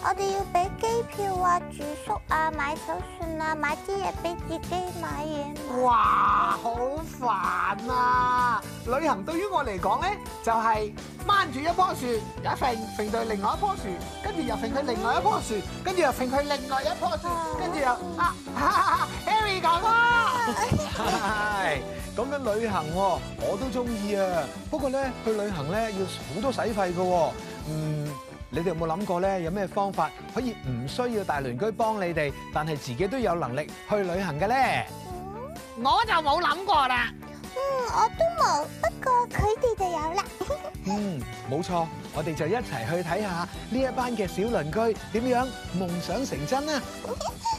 我哋要俾機票啊、住宿啊、買手信啊、買啲嘢俾自己買嘢。哇，好煩啊！旅行對於我嚟講咧，就係掹住一棵樹，又揈揈到另外一棵樹，跟住又揈去另外一棵樹，跟住又揈去另外一棵樹，跟住又啊。Harry 哥哥，係咁樣旅行，我都中意啊。不過咧，去旅行咧要好多使費噶，嗯。你哋有冇諗過咧？有咩方法可以唔需要大鄰居幫你哋，但係自己都有能力去旅行嘅咧？我就冇諗過啦。嗯，我都冇，不過佢哋就有啦。 嗯，冇錯，我哋就一齊去睇下呢一班嘅小鄰居點樣夢想成真啊。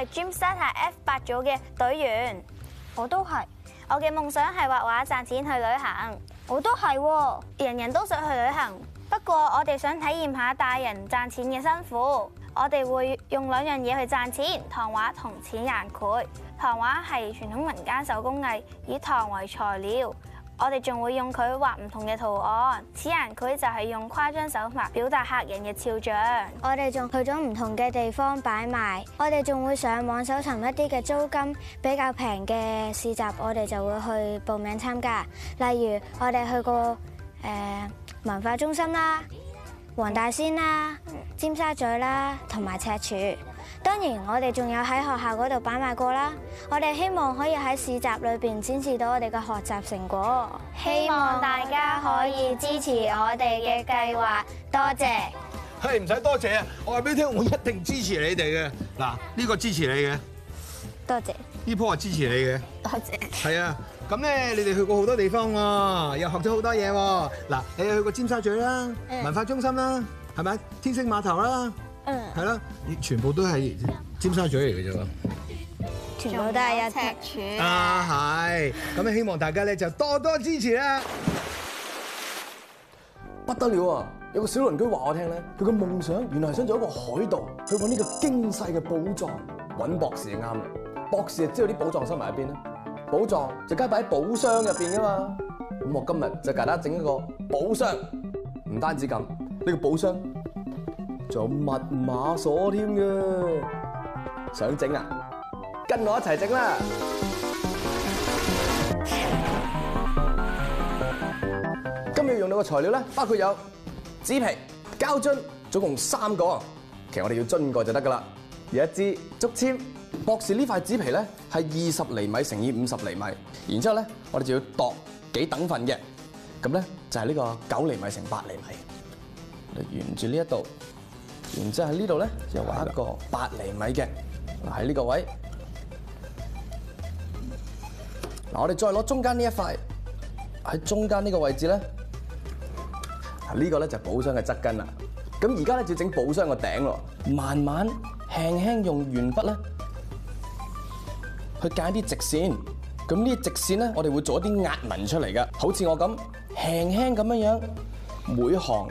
係 Dream Set 係 F 八組嘅隊員，我都係。我嘅夢想係畫畫賺錢去旅行，我都係、啊。人人都想去旅行，不過我哋想體驗下大人賺錢嘅辛苦。我哋會用兩樣嘢去賺錢：糖畫同剪岩膾。糖畫係傳統民間手工藝，以糖為材料。我哋仲會用佢畫唔同嘅圖案，此人佢就係用誇張手法表達客人嘅肖像。我哋仲去咗唔同嘅地方擺賣，我哋仲會上網搜尋一啲嘅租金比較平嘅市集，我哋就會去報名參加。例如我哋去過誒、呃、文化中心啦、黃大仙啦、尖沙咀啦同埋赤柱。當然，我哋仲有喺學校嗰度擺賣過啦。我哋希望可以喺市集裏邊展示到我哋嘅學習成果。希望大家可以支持我哋嘅計劃，多謝。係唔使多謝啊！我話俾你聽，我一定支持你哋嘅。嗱，呢個支持你嘅，多謝。呢樖係支持你嘅，多謝。係啊，咁咧，你哋去過好多地方，又學咗好多嘢。嗱，你去過尖沙咀啦，文化中心啦，係咪？天星碼頭啦。嗯，係咯，全部都係尖沙咀嚟嘅啫，全部都係有赤柱啊，係，咁希望大家咧就多多支持啦。不得了啊！有個小鄰居話我聽咧，佢嘅夢想原來係想做一個海盜，去揾呢個驚世嘅寶藏。揾博士啱，博士就知道啲寶藏收埋喺邊啦。寶藏就梗係擺喺寶箱入邊噶嘛。咁我今日就簡單整一個寶箱，唔單止咁，呢個寶箱。仲有密碼鎖添嘅，想整啊？跟我一齊整啦！今日用到嘅材料咧，包括有紙皮、膠樽，總共三個。其實我哋要樽過就得㗎喇。有一支竹籤，博士呢塊紙皮咧係二十厘米乘以五十厘米，然之後咧我哋就要度幾等份嘅，咁咧就係呢個九厘米乘八厘米。沿住呢一度。然之後喺呢度咧，又畫一個八厘米嘅。嗱，喺呢個位嗱，我哋再攞中間呢一塊，喺中間呢個位置咧，嗱呢個咧就寶箱嘅側根啦。咁而家咧就整寶箱個頂咯，慢慢輕輕用鉛筆咧去界啲直線，咁呢啲直線咧我哋會做一啲壓紋出嚟嘅，好似我咁輕輕咁樣樣每行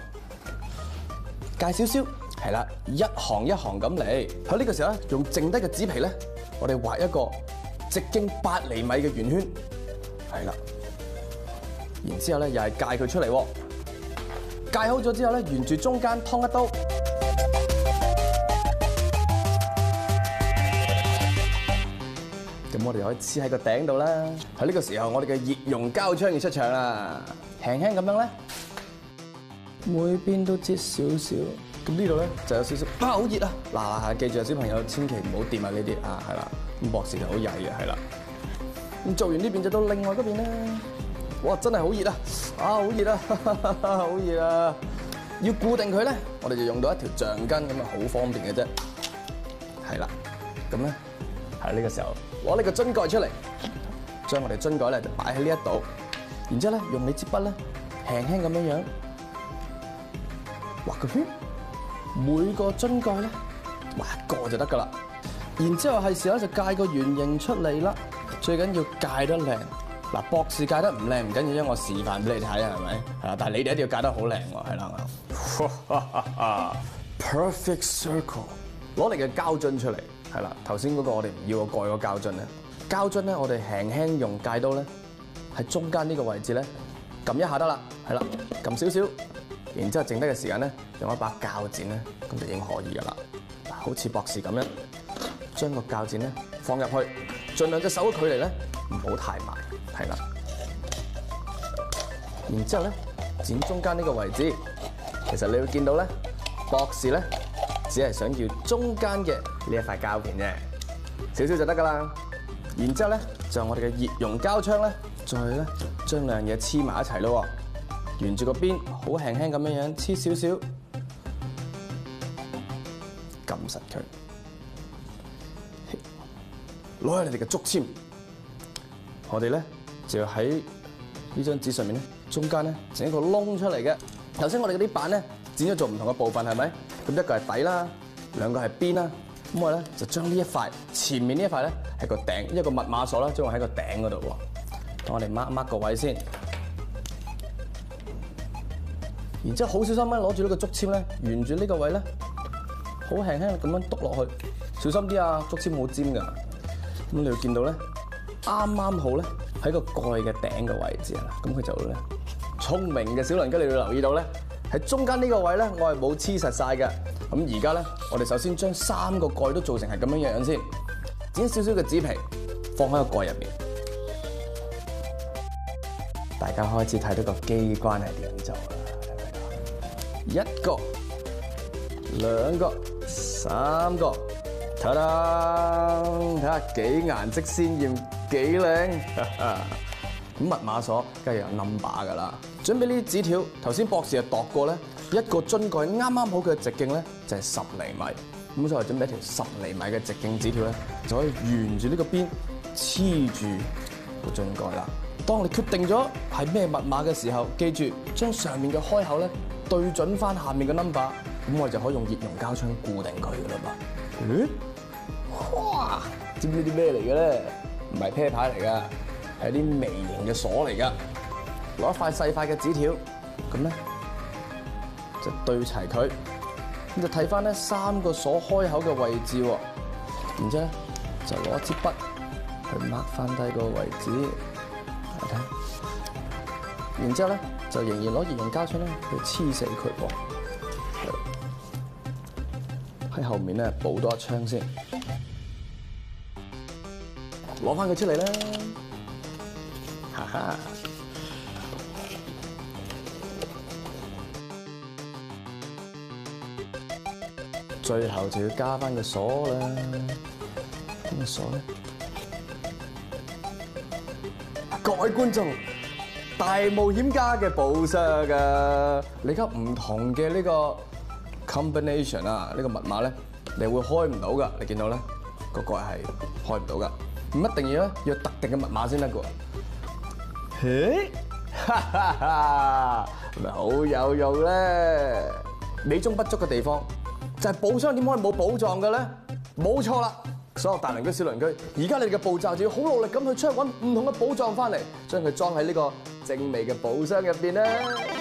界少少。係啦，一行一行咁嚟。喺呢個時候咧，用剩低嘅紙皮咧，我哋畫一個直徑八厘米嘅圓圈。係啦，然之後咧，又係界佢出嚟。界好咗之後咧，沿住中間劏一刀。咁我哋可以黐喺個頂度啦。喺呢個時候，我哋嘅熱熔膠槍要出場啦。輕輕咁樣咧，每邊都擠少少。咁呢度咧就有少少，啊，好熱啊！嗱下，記住啊，小朋友千祈唔好掂啊呢啲啊，係啦、啊，博士就好曳嘅，係啦。咁做完呢邊，就到另外嗰邊啦。哇，真係好熱啊！啊，好熱啊，好熱啊！要固定佢咧，我哋就用到一條橡筋咁啊，好方便嘅啫。係啦，咁咧喺呢、這個時候，攞呢個樽蓋出嚟，將我哋樽蓋咧就擺喺呢一度，然之後咧用你支筆咧輕輕咁樣樣畫個圈。每個樽蓋咧，畫一個就得㗎喇。然之後係時候就界個圓形出嚟啦。最緊要界得靚。嗱、啊，博士界得唔靚唔緊要，因為我示範俾你睇，係咪？係啊，但係你哋一定要界得好靚喎，係啦。 Perfect circle，攞嚟嘅膠樽出嚟，係啦。頭先嗰個我哋唔要個蓋個膠樽咧，膠樽咧我哋輕輕用界刀咧，喺中間呢個位置咧，撳一下得啦，係啦，撳少少。然之後，剩低嘅時間咧，用一把鉸剪咧，咁就已經可以噶啦。好似博士咁樣，將個鉸剪咧放入去，盡量隻手嘅距離咧，唔好太埋，係啦。然之後咧，剪中間呢個位置。其實你會見到咧，博士咧只係想要中間嘅呢一塊膠片啫，少少就得噶啦。然之後咧，就用我哋嘅熱熔膠槍咧，再係咧將兩嘢黐埋一齊咯。沿住個邊，好輕輕咁樣樣，黐少少，撳實佢。攞下你哋嘅竹籤，我哋咧就喺呢張紙上面咧，中間咧整一個窿出嚟嘅。頭先我哋嗰啲板咧，剪咗做唔同嘅部分，係咪？咁一個係底啦，兩個係邊啦。咁我咧就將呢一塊前面呢一塊咧，係個頂，一個密碼鎖啦，將我喺個頂嗰度喎。噉我哋掹掹個位先。然之後好小心咁攞住呢個竹籤咧，沿住呢個位咧，好輕輕咁樣篤落去，小心啲啊！竹籤好尖㗎。咁你會見到咧，啱啱好咧喺個蓋嘅頂嘅位置啦。咁佢就咧，聰明嘅小龍雞，你會留意到咧，喺中間呢個位咧，我係冇黐實晒嘅。咁而家咧，我哋首先將三個蓋都做成係咁樣樣先，剪少少嘅紙皮，放喺個蓋入面。大家開始睇到個機關係點做啦。一個、兩個、三個，唞、呃、啦！睇下幾顏色鮮豔，幾靚。咁密碼鎖梗係有 number 噶啦。準備呢啲紙條，頭先博士又度過咧。一個樽蓋啱啱好嘅直徑咧，就係十厘米。咁所以準備一條十厘米嘅直徑紙條咧，就可以沿住呢個邊黐住個樽蓋啦。當你決定咗係咩密碼嘅時候，記住將上面嘅開口咧。對準翻下，下面嘅 number，咁我就可以用熱熔膠槍固定佢噶啦嘛。嗯？哇！知唔知啲咩嚟嘅咧？唔係啤牌嚟噶，係啲微型嘅鎖嚟噶。攞一塊細塊嘅紙條，咁咧就對齊佢，咁就睇翻咧三個鎖開口嘅位置。然之後呢就攞支筆去 mark 翻低個位置。睇下。然之後咧，就仍然攞熱熔膠槍咧，去黐死佢喎！喺後面咧補多一槍先，攞翻佢出嚟啦！哈哈！最後就要加翻、這個鎖啦，個鎖咧，各位觀眾。大冒險家嘅寶箱㗎，啊！你而家唔同嘅呢個 combination 啦，呢個密碼咧，你會開唔到㗎。你見到咧，個蓋係開唔到㗎，唔一定要要特定嘅密碼先得㗎。嘿，哈哈哈，係咪好有用咧！美中不足嘅地方就係寶箱點可以冇寶藏嘅咧？冇錯啦！所有大鄰居小鄰居，而家你哋嘅步驟就要好努力咁去出去揾唔同嘅寶藏翻嚟，將佢裝喺呢個，精美嘅寶箱入邊咧～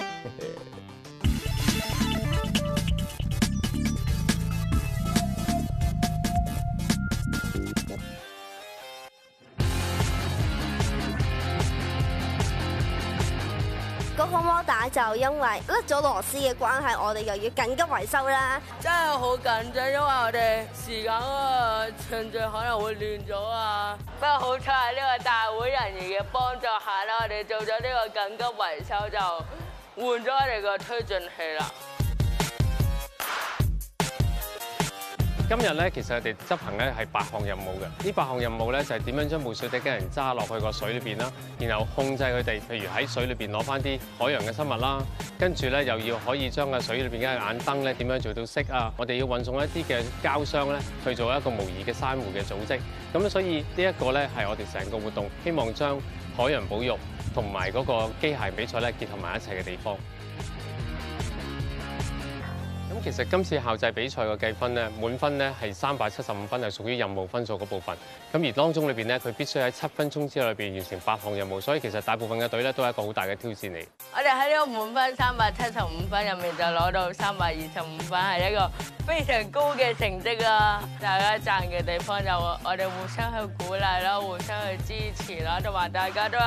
嗰個摩打就因為甩咗螺絲嘅關係，我哋又要緊急維修啦！真係好緊張，因為我哋時間啊，程序可能會亂咗啊！不過好彩喺呢個大會人員嘅幫助下啦，我哋做咗呢個緊急維修就換咗我哋個推進器啦。今日咧，其實我哋執行咧係八項任務嘅。呢八項任務咧，就係點樣將污水嘅人揸落去個水裏面啦，然後控制佢哋，譬如喺水裏面攞翻啲海洋嘅生物啦，跟住咧又要可以將個水裏面嘅眼燈咧點樣做到色啊？我哋要運送一啲嘅膠箱咧去做一個模擬嘅珊瑚嘅組織。咁所以呢一個咧係我哋成個活動希望將海洋保育同埋嗰個機械比賽咧結合埋一齊嘅地方。其實今次校際比賽嘅計分咧，滿分咧係三百七十五分，係屬於任務分數嗰部分。咁而當中裏邊咧，佢必須喺七分鐘之內邊完成八項任務，所以其實大部分嘅隊咧都係一個好大嘅挑戰嚟。我哋喺呢個滿分三百七十五分入面就攞到三百二十五分，係一個非常高嘅成績啊！大家讚嘅地方就我哋互相去鼓勵啦，互相去支持啦，就話大家都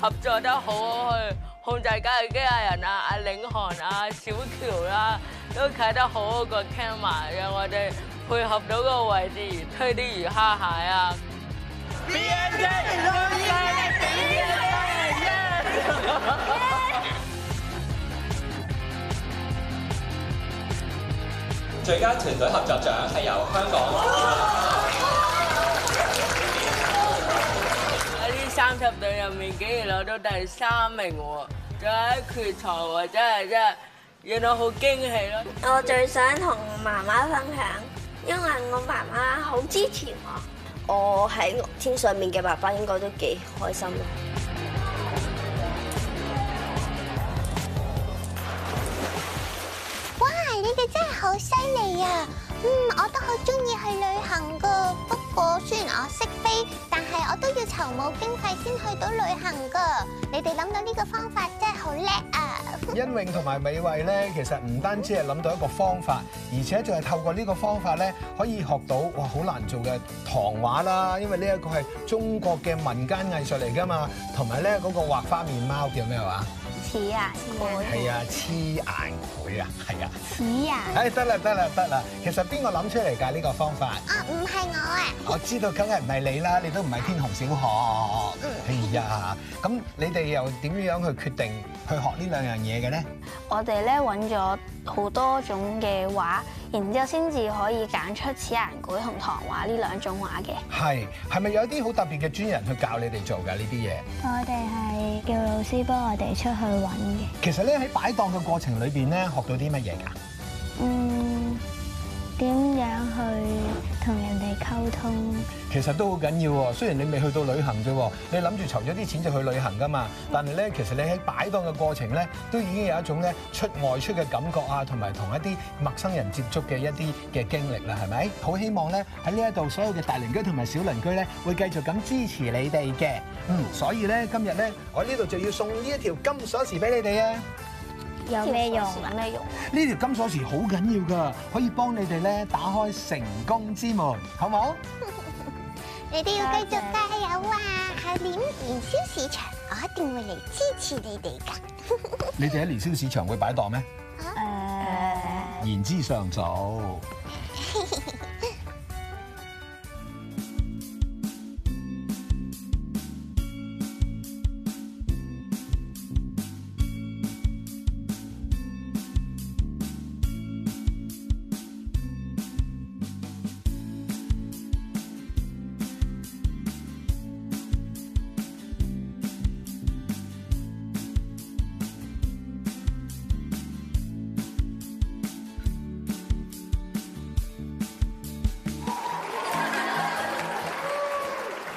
合作得好，去控制緊嘅機械人啊，阿領航啊，小喬啦。啊都睇得好個 camera，讓我哋配合到個位置，推啲魚蝦蟹啊！B 最佳團隊合作獎係由香港喺呢三十隊入面竟然攞到第三名喎！就喺決賽喎，真係真係。真原來好驚喜咯！我最想同媽媽分享，因為我媽媽好支持我。我喺天上面嘅爸爸應該都幾開心咯。哇！你哋真係好犀利啊！嗯，我都好中意去旅行噶。不過雖然我識飛，但係我都要籌募經費先去到旅行噶。你哋諗到呢個方法真係好叻啊！恩榮同埋美惠咧，其實唔單止係諗到一個方法，而且仲係透過呢個方法咧，可以學到哇好難做嘅糖畫啦，因為呢一個係中國嘅民間藝術嚟㗎嘛，同埋咧嗰個畫花面貓叫咩話？似啊，係啊，黐硬佢啊，係啊，似啊對，唉，得啦對，得啦，得啦對，其實邊個諗出嚟㗎呢個方法？啊，唔係我啊，我知道梗係唔係你啦，你都唔係天虹小學，哎呀、嗯，咁對你哋又點樣去決定去學呢兩樣嘢嘅咧？我哋咧揾咗好多種嘅畫。然之後先至可以揀出瓷顏繪同唐畫呢兩種畫嘅。係係咪有啲好特別嘅專人去教你哋做㗎呢啲嘢？我哋係叫老師幫我哋出去揾嘅。其實咧喺擺檔嘅過程裏邊咧，學到啲乜嘢㗎？嗯。點樣去同人哋溝通？其實都好緊要喎。雖然你未去到旅行啫，你諗住籌咗啲錢就去旅行㗎嘛。但係咧，其實你喺擺檔嘅過程咧，都已經有一種咧出外出嘅感覺啊，同埋同一啲陌生人接觸嘅一啲嘅經歷啦，係咪？好希望咧喺呢一度，所有嘅大鄰居同埋小鄰居咧，會繼續咁支持你哋嘅。嗯，所以咧今日咧，我呢度就要送呢一條金鎖匙俾你哋啊！有咩用啊？咩用啊？呢條金鎖匙好緊要㗎，可以幫你哋咧打開成功之門，好冇？ 你哋要繼續加油啊！下謝年年宵市場，我一定會嚟支持你哋㗎。 你哋喺年宵市場會擺檔咩？誒、uh，言之尚早。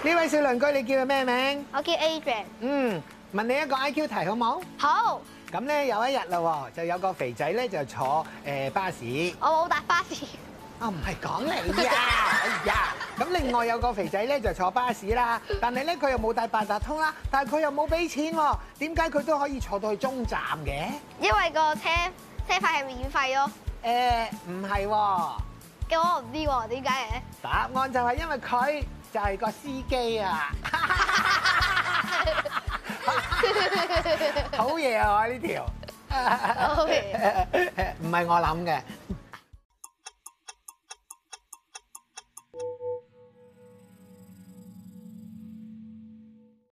呢位小鄰居，你叫佢咩名？我叫 Adrian。嗯，問你一個 IQ 題好冇？好。咁咧好有一日啦，就有個肥仔咧就坐誒巴士。我冇搭巴士。啊，唔係講你㗎！哎呀，咁另外有個肥仔咧就坐巴士啦，但係咧佢又冇帶八達通啦，但係佢又冇俾錢喎，點解佢都可以坐到去中站嘅？因為個車車費係免費咯。誒、呃，唔係喎。咁我唔知喎，點解嘅？答案就係因為佢。就係個司機啊！好嘢啊！我呢條，唔係我諗嘅。